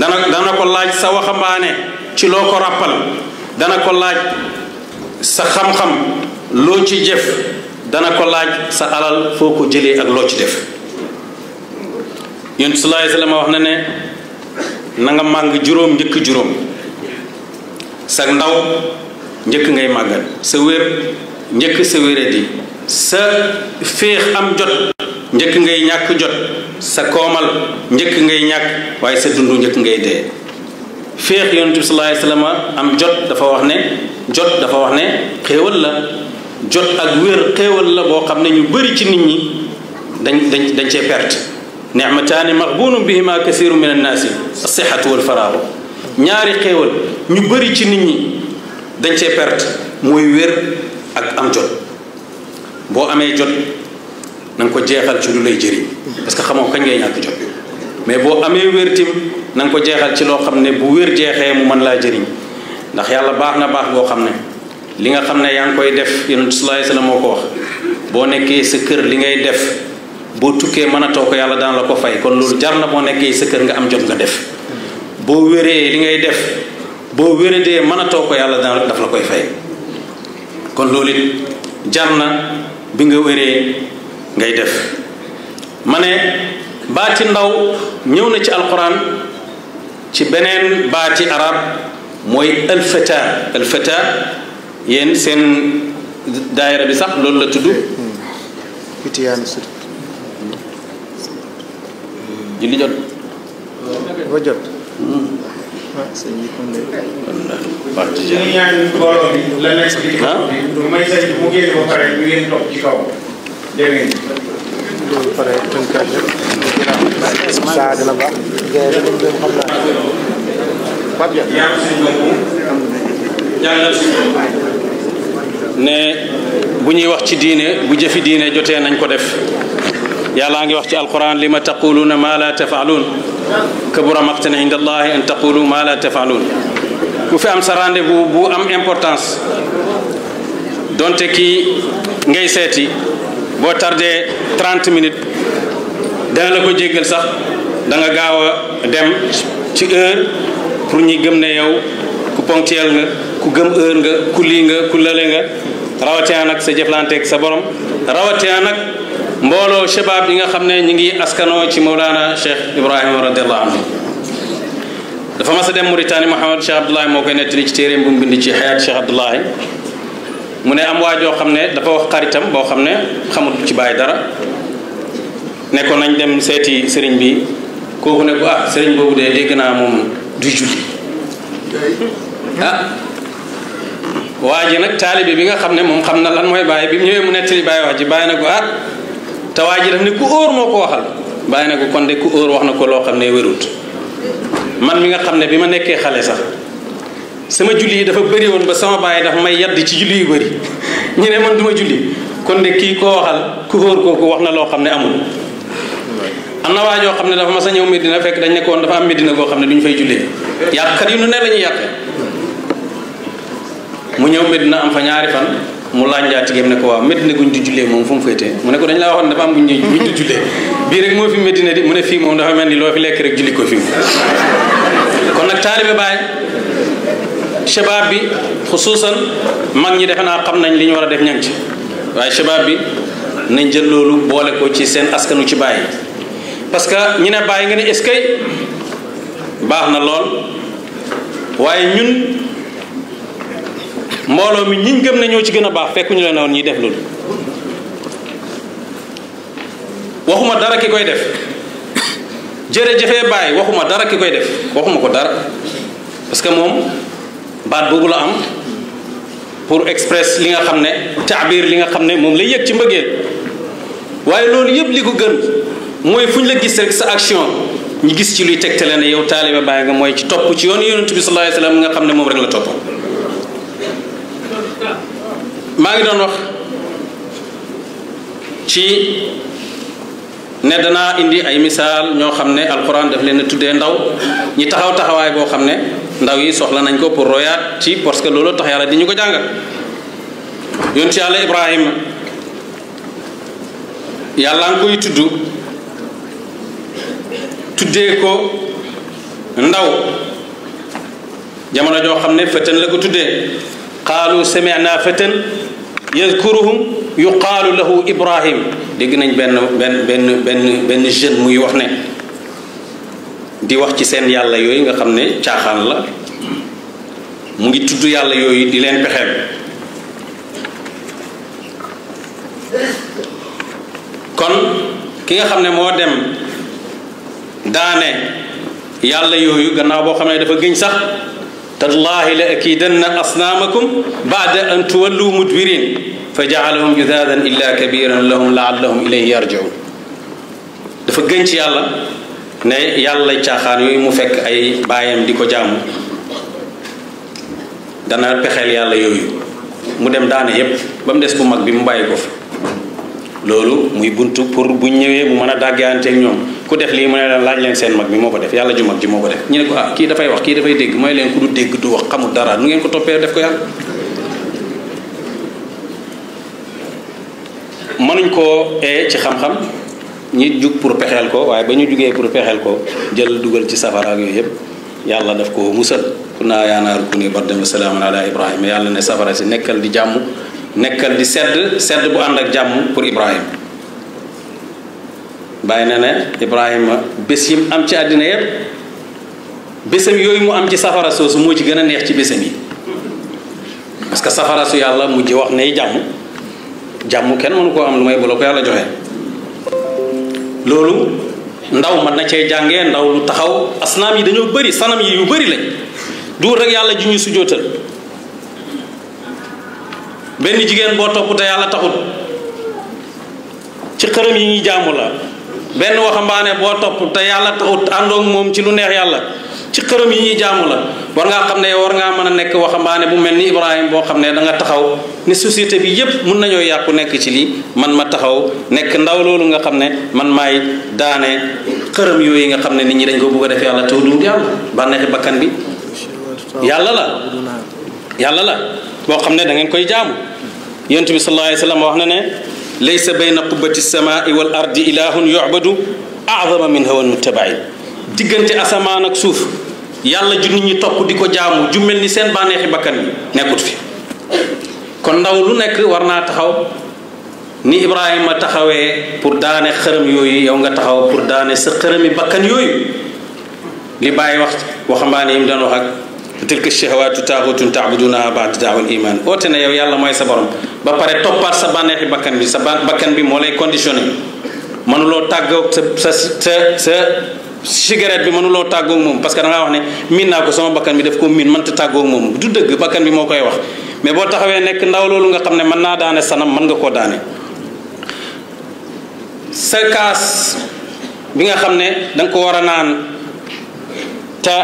dana dana ko laaj sa waxambaane ci loo ko ràppal dana ko laaj sa xam-xam loo ci jëf dana ko laaj sa alal foo ko jëlee ak loo ci def yonent sallallahu alayhi wasallam wax na ne na nga màng juróom njëkk juróom sa ndaw njëkk ngay màggal sa wér njëkk sa wéradi sa féex am jot njëkk ngay ñàkk jot sa koomal njëkk ngay ñàkk waaye sa dund njëkk ngay dee féex yonent bi sallallahu alayhi wasallam am jot dafa wax ne jot dafa wax ne xéewal la jot ak wér xéewal la boo xam ne ñu bari ci nit ñi dañ dañ dañ cee perte ni'mataani maghbunun bihima kasiru min annaasi as-sihhatu wal faraaru ñaari xéewal ñu bari ci nit ñi dañ cee perte mooy wér ak am jot boo amee jot na nga ko jeexal ci lu lay jëriñ parce que xamoo kañ ngay ñàkk jot mais boo amee wér tim na ko jeexal ci loo xam ne bu wér jeexee mu man laa jëriñ ndax yàlla baax na baax boo xam ne li nga xam ne yaa ngi koy def yonent sallallahu alayhi wasallam moo ko wax boo nekkee sa kër li ngay def boo tukkee mën a too ko yàlla daan la ko fay kon loolu jar na boo nekkee sa kër nga am jot nga def boo wéree li ngay def boo wéradee mën a too ko yàlla daan daf la koy fay jar na bi nga wéree ngay def ma ne baati ndaw ñëw na ci alquran ci beneen baati arab mooy alfata alfata yéen seen daayira bi sax loolu la tudd julli jot dégg ne bu ñuy wax ci diine bu jëfi diine jotee nañ ko def yàlla ngi wax ci alquran li ma taquluuna ma la tafaaluun kabura maqtan inda allahi ma la tafaaluun ku fi am sa bu am importance donte ki ngay seeti boo tardé 30 minutes dana la ko jéggal sax da nga gaaw a dem ci heure pour ñi gëm ne yow ku ponctuel nga ku gëm heure nga ku lii nga ku lële nga rawatina nag sa jëflanteeg sa borom rawatina nag mbooloo shabab yi nga xam ne ñi ngi askanoo ci Mawlana Cheikh Ibrahima radiallahu anhu dafa mas a dem Mauritanie Mouhamed Cheikh Abdoulaye moo koy nettali ci téeréem bu mu bind ci xayaat Cheikh Abdoulaye mu ne am waajoo xam ne dafa wax xaritam boo xam ne xamul ci bàyyi dara ne ko nañ dem seeti sëriñ bi kooku ne ko ah sëriñ boobu de dégg naa moom du julli ah waa ji nag taalibe bi nga xam ne moom xam na lan mooy bàyyi bi mu ñëwee mu nettali bàyyi wax ji bàyyi na ko ah te waa ji daf ne ku óor moo ko waxal bàyyi na ko kon de ku óor wax na ko loo xam ne wérut man mi nga xam ne bi ma nekkee xale sax sama julli yi dafa bari woon ba sama baay dafa may yadd ci julli yu bëri ñu ne man du ma julli kon de kii koo waxal ku xóor kooku wax na loo xam ne amul am na waajoo xam ne dafa mas a ñëw Medina fekk dañ nekkoon dafa am Medina goo xam ne du fay jullee yàqkat yu nu ne la mu ñëw Medina am fa ñaari fan mu laajaa tigéem ne ko waaw Medina guñ di jullee moom fu mu féetee mu ne ko dañ laa waxoon dafa am guñ ñu di jullee bii rek moo fi Medina di mu ne fii moom dafa mel ni loo fi lekk rek julli ko fii kon nag taalibe baay shabaab bi xusuusan mag ñi defe naa xam nañ li ñu war a def ñang ci waaye shabaab bi nañ jël loolu boole ko ci seen askanu ci bàyyi parce que ñu ne bàyyi nga ne est-ce baax na lool waaye ñun mbooloo mi ñiñ gëm nañoo ci gën a baax fekk ñu leen woon ñuy def loolu waxuma dara ki koy def jëre jërëjëfee bàyyi waxuma dara ki koy def waxuma ko dara parce moom baat boobu la am pour express li nga xam ne taabir li nga xam ne moom lay yëg ci mbëggeel waaye loolu yëpp li ko gën mooy fu ñu la gis rek sa action ñu gis ci luy tegtale leen yow taaliba bàyyi nga mooy ci topp ci yoonu yonent bi sallallahu alayhi nga xam ne moom rek la topp maa ngi doon wax ci ne danaa indi ay misaal ñoo xam ne alxuraan daf leen a tuddee ndaw ñi taxaw taxawaay boo xam ne ndaw yi soxla nañ ko pour royaat ci parce que looloo tax yàlla di ñu ko jàngal yonent yàlla Ibrahima yàlla nga koy tudd tuddee ko ndaw jamono joo xam ne fëtën la ko tuddee qaalu sami'na fëtën yadkuruhum yuqaalu lahu Ibrahim dégg nañ benn benn benn benn benn jeune muy wax ne di wax ci seen yàlla yooyu nga xam ne caaxaan la mu ngi tudd yàlla yooyu di leen pexeel kon ki nga xam ne moo dem daane yàlla yooyu gannaaw boo xam ne dafa gëñ sax tallahi la akidanna asnaamakum baada an tuwallu mudbirin fa jaalahum judaadan illa kabiran lahum laallahum ilayhi yarjiun dafa gëñ ci yàlla ne yàlla caaxaan yooyu mu fekk ay baayam di ko jàmm dana pexeel yàlla yooyu mu dem daane yépp ba mu des bu mag bi mu bàyyi ko fi loolu muy buntu pour bu ñëwee mu man a dàggaanteeg ñoom ku def lii mu ne leen laaj leen seen mag bi moo ko def yàlla ju mag ji moo ko def ñu ne ko ah kii dafay wax kii dafay dégg mooy leen ku du dégg du wax xamul dara nu ngeen ko toppee def ko yàlla mënuñ koo ee ci xam-xam ñi jug pour pexeel ko waaye ba ñu jugee pour pexeel ko jël dugal ci safara ak yooyu yëpp yàlla def ko musal ku naa yaanaaru ku ni bardan wa salaaman ala ibrahima yàlla ne safara si nekkal di jàmm nekkal di sedd sedd bu ànd ak jàmm pour ibrahima bàyyi na ne ibrahima bés yim am ci àddina yëpp bésam yooyu mu am ci safara soosu moo ci gën a neex ci bésam yi parce que safara su yàlla mu mujj wax ne jàmm jàmm kenn mënu koo am lu may bu la yàlla joxe loolu ndaw mën na cee jàngee ndaw lu taxaw asnaam yi dañoo bari sanam yi yu bëri lañ duur rek yàlla ju ñu sujootal benn jigéen boo topp te yàlla taxut ci xërëm yi ñuy jaamu la benn waxambaane boo topp te yàlla taxut àndoog moom ci lu neex yàlla ci xërëm yi ñuy jaamu la war ngaa xam ne war ngaa mën a nekk waxambaane bu mel ni Ibrahima boo xam ne da nga taxaw ne société bi yépp mun nañoo yàqu nekk ci lii man ma taxaw nekk ndaw loolu nga xam ne man maay daane këram yooyu nga xam ne nit ñi dañ ko bugg defee def yàlla taw du yàlla bànneexi bakkan bi yàlla la yàlla la boo xam ne da ngeen koy jaamu yonent bi sallallahu alayhi wa sallam wax na ne laysa bayna qubbati samai wal ardi ilahun yu'badu a'zama min hawan muttabain diggante asamaan ak suuf yàlla ju ñu ñi topp di ko jaamu ju mel ni seen bànneexi bakkan yi nekkut fi kon ndaw lu nekk war naa taxaw ni Ibrahima taxawee pour daane xërëm yooyu yow nga taxaw pour daane sa xërëmi bakkan yooyu li bàyyi wax waxambaane yi mu doon wax ak tilka shahawaatu taaxutun taabudunaha baada daawal iman oote na yow yàlla mooy sa borom ba pare toppaat sa bànneexi bàkkan bi sa bakkan bi moo lay conditionné mënuloo tàggoog sa sa sa cigarette bi mënuloo tàggoog moom parce que wax ne miin naa ko sama bakkan bi daf ko miin mënta tàggoog moom du dëgg bakkan bi moo koy wax mais boo taxawee nekk ndaw loolu nga xam ne man naa daane sanam man nga koo daane sa kaas bi nga xam ne danga ko war a naan te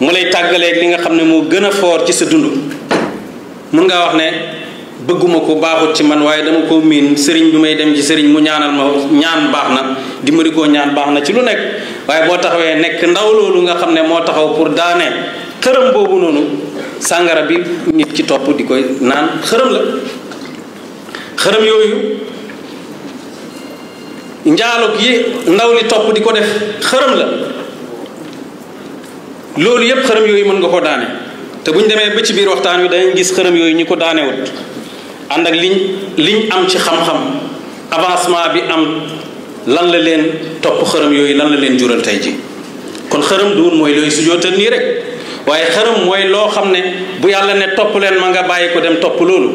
mu lay tàggaleeg li nga xam ne moo gën a foor ci sa dund mun ngaa wax ne bëgguma ko baaxut ci man waaye dama ko miin sëriñ bi may dem ci sëriñ mu ñaanal ma ñaan baax na dimbali koo ñaan baax na ci lu nekk waaye boo taxawee nekk ndaw loolu nga xam ne moo taxaw pour daane xërëm boobu noonu sàngara bi nit ci topp di koy naan xërëm la xërëm yooyu njaalug yi ndaw li topp di ko def xërëm la loolu yépp xërëm yooyu mën nga ko daane te bu ñu demee ba ci biir waxtaan wi dañuy gis xërëm yooyu ñu ko daanewut ànd ak liñ liñ am ci xam-xam avancement bi am lan la leen topp xërëm yooyu lan la leen jural tey ji kon xërëm duun mooy looy sujootal nii rek waaye xërëm mooy loo xam ne bu yàlla ne topp leen ma nga bàyyi ko dem topp loolu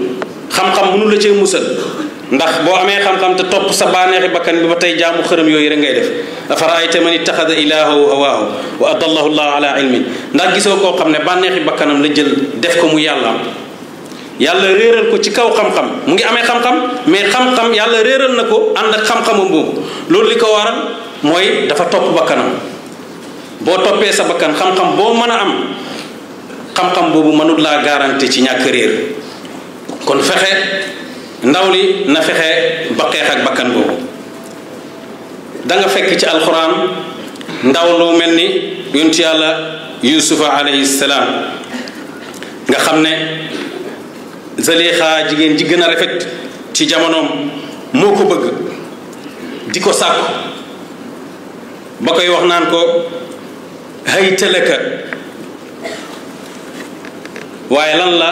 xam-xam mënu la cee musal ndax boo amee xam-xam te topp sa baaneexi bakkan bi ba tey jaamu xërëm yooyu rek ngay def afaraayta man ittaxada ilaahu hawaahu wa adallahu llahu ala ilmin ndax gisoo koo xam ne baaneexi bakkanam la jël def ko mu yàlla yàlla réeral ko ci kaw xam-xam mu ngi amee xam-xam mais xam-xam yàlla réeral na ko ànd ak xam-xamam boobu loolu li ko waral mooy dafa topp bakkanam boo toppee sa bakkan xam-xam boo mën a am xam-xam boobu mënul laa garanti ci ñàkk réer kon fexe ndaw li na fexe ba xeex bakkan boobu danga fekk ci alxuraan ndaw loo mel ni yontu yàlla yusufa alayhi salaam nga xam ne Zalixa jigéen ji gën a rafet ci jamonoom moo ko bëgg di ko sàkku ba koy wax naan ko hay tëlëka waaye lan la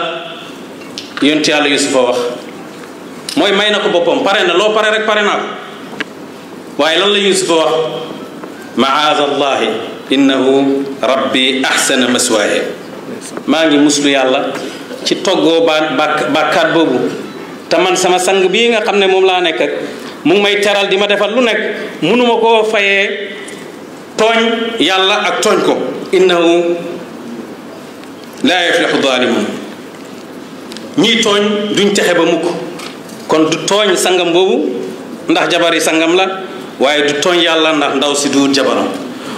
yonti yàlla yusufa wax mooy may na ko boppam pare na loo pare rek pare naa waaye lan la yusufa wax maaz allahi innahu rabbi ahsana maswaya maa ngi muslu yàlla ci toggoo ba bàkkaat boobu te man sama sang bii nga xam ne moom laa nekk ak mu may teral di ma defal lu nekk mënuma koo fayee tooñ yàlla ak tooñ ko innahu laa yaflixu zaalimun ñii tooñ duñ texe ba mukk kon du tooñ sangam boobu ndax jabar yi sangam la waaye du tooñ yàlla ndax ndaw si du jabaram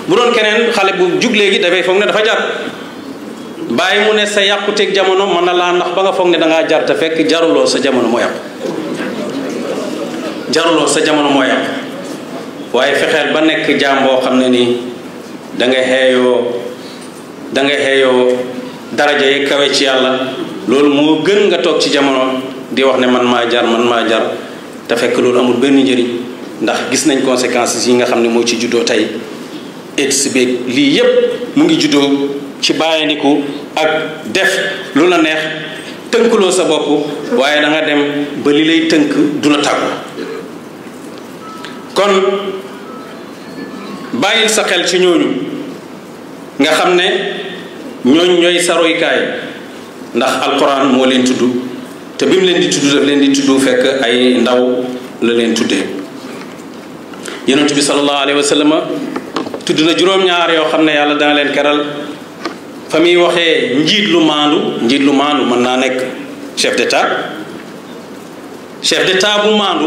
bu doon keneen xale bu jug léegi dafay foog ne dafa jar bàyyi mu ne sa yàquteeg jamono mën na laa ndax ba nga foog ne dangaa jar te fekk jaruloo sa jamono moo yàqu jaruloo sa jamono moo yàqu waaye fexeel ba nekk jaam boo xam ne nii danga xeeyoo danga xeeyoo daraja yi kawe ci yàlla loolu moo gën nga toog ci jamono di wax ne man maa jar man maa jar te fekk loolu amul benn njëriñ ndax gis nañ conséquences yi nga xam ne moo ci juddoo tey et lii yépp mu ngi juddoo ci bàyyandiku ak def lu la neex tënkuloo sa bopp waaye da dem ba li lay tënk du la tàggu kon bàyyil sa xel ci ñooñu nga xam ne ñooñ ñooy sa roykaay ndax alquran moo leen tudd te bi mu leen di tudd daf leen di tudd fekk ay ndaw la leen tuddee yonent bi sallallahu alayhi wa tudd na juróom-ñaar yoo xam ne yàlla dana leen keral fa muy waxee njiit lu maandu njiit lu maandu mën naa nekk chef d'état chef d'état bu maandu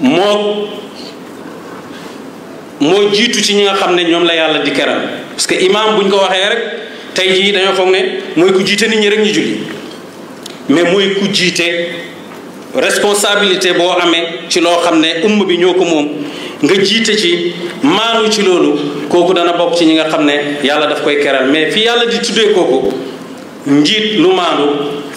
moo moo jiitu ci ñi nga xam ne ñoom la yàlla di keral parce que imam bu ñu ko waxee rek tey yi dañoo foog ne mooy ku jiite nit ñi rek ñu julli mais mooy ku jiite responsabilité boo amee ci loo xam ne umma bi ñoo ko moom nga jiite ci maanu ci loolu kooku dana bokk ci ñi nga xam ne yàlla daf koy keral mais fi yàlla di tuddee kooku njiit lu maanu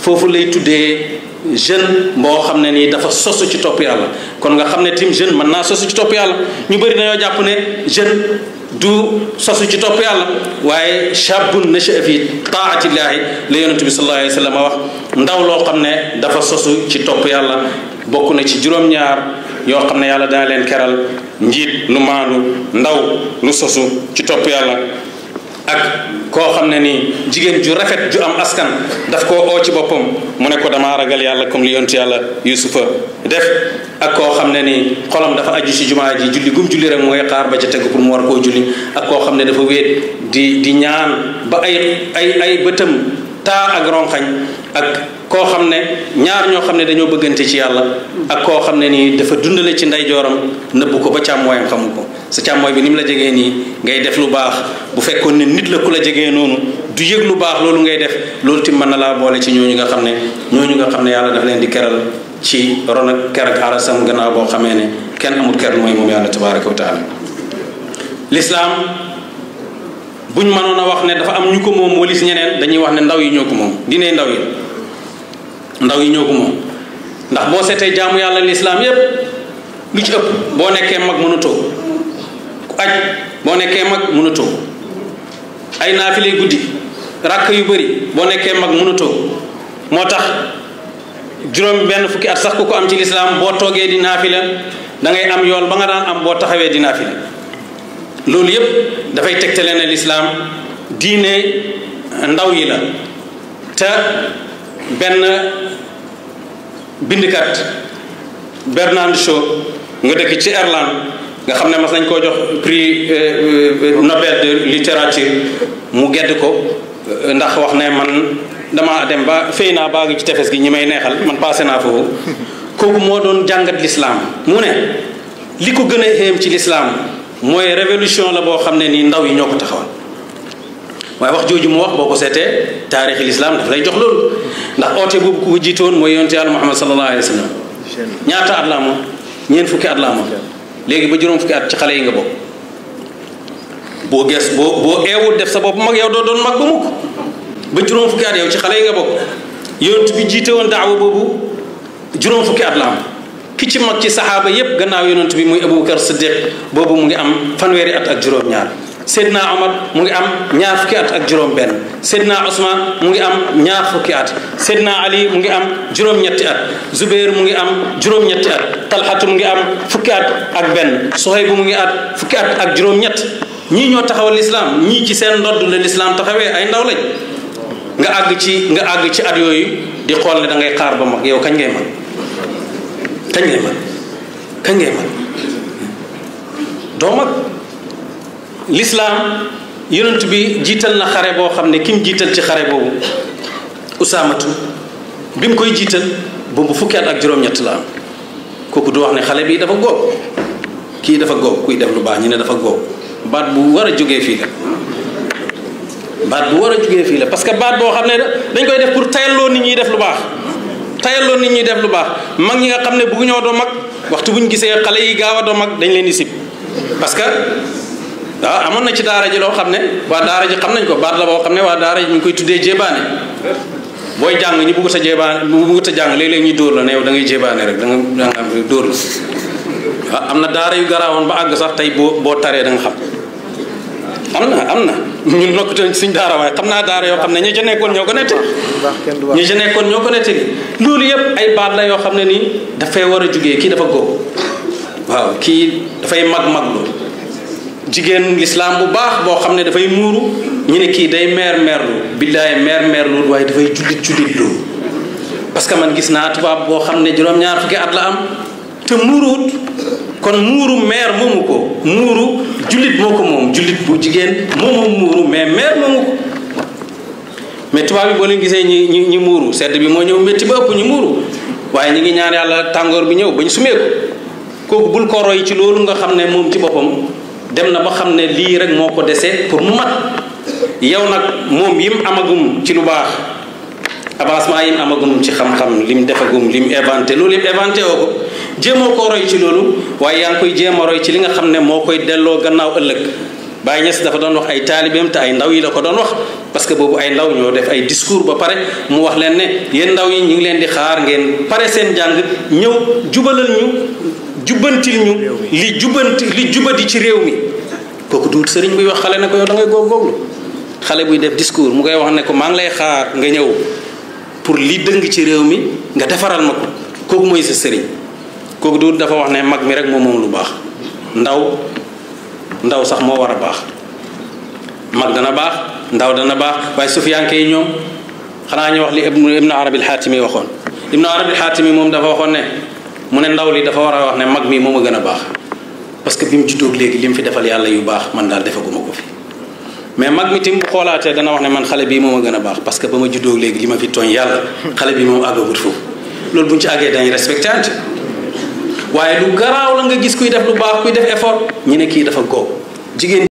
foofu lay tuddee jeune boo xam ne nii dafa sosu ci topp yàlla kon nga xam ne tim jeune mën naa sosu ci topp yàlla ñu bëri dañoo jàpp ne jeune du sosu ci topp yàlla waaye shabun nasha fi taatillaahi la yonent bi sallallahu alayhi wax ndaw loo xam ne dafa sosu ci topp yàlla bokk na ci juróom-ñaar yoo xam ne yàlla dana leen keral njiit lu maandu ndaw lu sosu ci topp yàlla ak koo xam ne ni jigéen ju rafet ju am askan daf koo oo ci boppam mu ne ko damaa ragal yàlla comme li yontu yàlla yusufa def ak koo xam ne ni xolam dafa aju ci jumaa ji julli gum julli rek mooy xaar ba ca tegu pour mu war koo julli ak koo xam ne dafa wéet di di ñaan ba ay ay ay taa ak ronxañ ak koo xam ne ñaar ñoo xam ne dañoo bëggante ci yàlla ak koo xam ne nii dafa dundale ci ndeyjooram nëbbu ko ba càmmooyam xamu ko sa càmmooy bi ni mu la jegee nii ngay def lu baax bu fekkoon ne nit la ku la jegee noonu du yëg lu baax loolu ngay def loolu tim mën na laa boole ci ñooñu nga xam ne ñooñu nga xam ne yàlla dafa leen di keral ci ron ak ker ak arasam gannaaw boo xamee ne kenn amul ker lu mooy moom yàlla tabaraka wa taala lislaam buñ mënoon a wax ne dafa am ñu ko moom ñeneen dañuy wax ne ndaw yi ñoo moom diine ndaw ndaw yi ñoo ko moom ndax boo seetee jaamu yàlla lislaam yépp lu ci ëpp boo nekkee mag mënatoo ku aj boo nekkee mag mënatoo ay naafile guddi ràkk yu bëri boo nekkee mag munatoo moo tax juróom benn fukki at sax ku ko am ci lislaam boo toogee di naafila da ngay am yoon ba nga daan am boo taxawee di naafila loolu yépp dafay tegtale ne lislaam diine ndaw yi la te benn bindikat Bernard Shaw nga dëkk ci Irlande nga xam ne mas nañ koo jox prix euh, euh, Nobel de littérature mu gedd ko euh, ndax wax ne man dama dem ba fay naa baag ci tefes gi ñu may neexal man passé naa foofu kooku moo doon jàngat lislaam mu ne li ko gën a xéem ci lislaam mooy révolution la boo xam ne ni ndaw yi ñoo ko taxawal waaye wax jooju mu wax boo ko seetee taarixi lislaam daf lay jox loolu ndax oote boobu ku ko jiitoon mooy yonte yàlla muhammad sallallahu alayhi wa sallam ñaata at la amoon ñeent fukki at la amoon léegi ba juróom fukki at ci xale yi nga bokk boo boo boo eewul def sa bopp mag yow doo doon mag ba ba juróom fukki at ci xale yi nga bokk yonent bi jiite woon daawa boobu juróom fukki at la am ki ci mag ci saxaaba yépp gannaaw yonent bi muy abubakar siddiq boobu mu ngi am fanweeri at ak juróom-ñaar Seydina Omar mu ngi am ñaar fukki at ak juróom-benn Seydina Ousmane mu ngi am ñaar fukki at Seydina Ali mu ngi am juróom-ñetti at Zubair mu ngi am juróom-ñetti at Talhatu mu ngi am fukki at ak benn Sohaybu mu ngi at fukki at ak juróom-ñett ñii ñoo taxawal lislaam ñii ci seen ndodd la lislaam taxawee ay ndaw lañ nga àgg ci nga àgg ci at yooyu di xool ne dangay ngay xaar ba mag yow kañ ngee mag kañ ngay mag doo mag lislaam yonent bi jiital na xare boo xam ne ki mu jiital ci xare boobu usaamatu bi mu koy jiital boobu fukki ak juróom-ñett la am kooku du wax ne xale bi dafa góob kii dafa góob kuy def lu baax ñu ne dafa góob baat bu war a jógee fii la baat bu war a jógee fii la parce que baat boo xam ne dañ koy def pour tayalloo nit ñi def lu baax tayalloo nit ñi def lu baax mag ñi nga xam ne bëgguñoo doo mag waxtu bu ñu gisee xale yi gaaw a doo mag dañ leen di sib parce que waaw ah, amoon na ci daara ji loo xam ne waa daara ji xam ko baat la boo xam ne waa daara ñu ngi koy tuddee jébaane booy jàng ñu buggut a jébaane ñu buggut a jàng léeg-léeg ñu dóor la ne yow da ngay rek da nga da nga dóor la waaw ah, am na daara yu garaawoon ba àgg sax tey boo boo taree danga nga xam am na am na ñun nokkutoon suñ daara waaye xam naa daara yoo xam ne ñi ca nekkoon ñoo ko nettali ñi ca nekkoon ñoo ko nettali loolu yëpp ay baat la yoo xam ne nii dafay war a jugee kii dafa góob waaw kii dafay mag mag loolu jigéenu lislaam bu baax boo xam ne dafay muuru ñu ne kii day meer meerlu billaay meer meerlu waaye dafay jullit jullit lu parce que man gis naa tubaab boo xam ne juróom-ñaar fukki at la am te muuruut kon muuru meer moomu ko muuru jullit moo ko moom jullit bu jigéen moomu muuru mais meer moomu ko mais tubaab yi boo leen gisee ñi ñi ñi muuru sedd bi moo ñëw métti ba ëpp ñu muuru waaye ñu ngi ñaan yàlla tàngoor bi ñëw ba ñu sumeeku kooku bul ko roy ci loolu nga xam ne moom ci boppam dem na ba xam ne lii rek moo ko desee pour mu mat yow nag moom yim amagum ci lu baax avancement yim amagum ci xam-xam lim defagum lim inventé loolu yëpp inventé woo ko jéemoo koo roy ci loolu waaye yaa ngi koy jéem a roy ci li nga xam ne moo koy delloo gannaaw ëllëg Baye Niass dafa doon wax ay taalibeem te ay ndaw yi la ko doon wax parce que boobu ay ndaw ñoo def ay discours ba pare mu wax leen ne yéen ndaw yi ñu ngi leen di xaar ngeen pare seen jàng ñëw jubalal jubbantil ñu li jubbanti li jubadi ci réew mi kooku duut sëriñ buy wax xale na ko yow da ngay góorgóorlu xale buy def discours mu ngay wax ne ko maa lay xaar nga ñëw pour li dëng ci réew mi nga defaral ma ko kooku mooy sa sëriñ kooku duut dafa wax ne mag mi rek moom moom lu baax ndaw ndaw sax moo war a baax mag dana baax ndaw dana baax waaye sufiyanke yi ñoom xanaa ñu wax li ibnu arabi alxaatimi waxoon ibnu arabi alxaatimi moom dafa waxoon ne mu ne ndaw li dafa war a wax ne mag mi moom ma gën a baax parce que bi mu juddoo léegi li mu fi defal yàlla yu baax man daal defaguma ko fi mais mag mi tim xoolaatee dana wax ne man xale bii moom ma gën a baax parce que ba ma juddoo léegi li ma fi tooñ yàlla xale bi moom àggagut foofu loolu bu ñu ci àggee dañuy respecté waaye lu garaaw la nga gis kuy def lu baax kuy def effort ñu ne kii dafa góob jigéen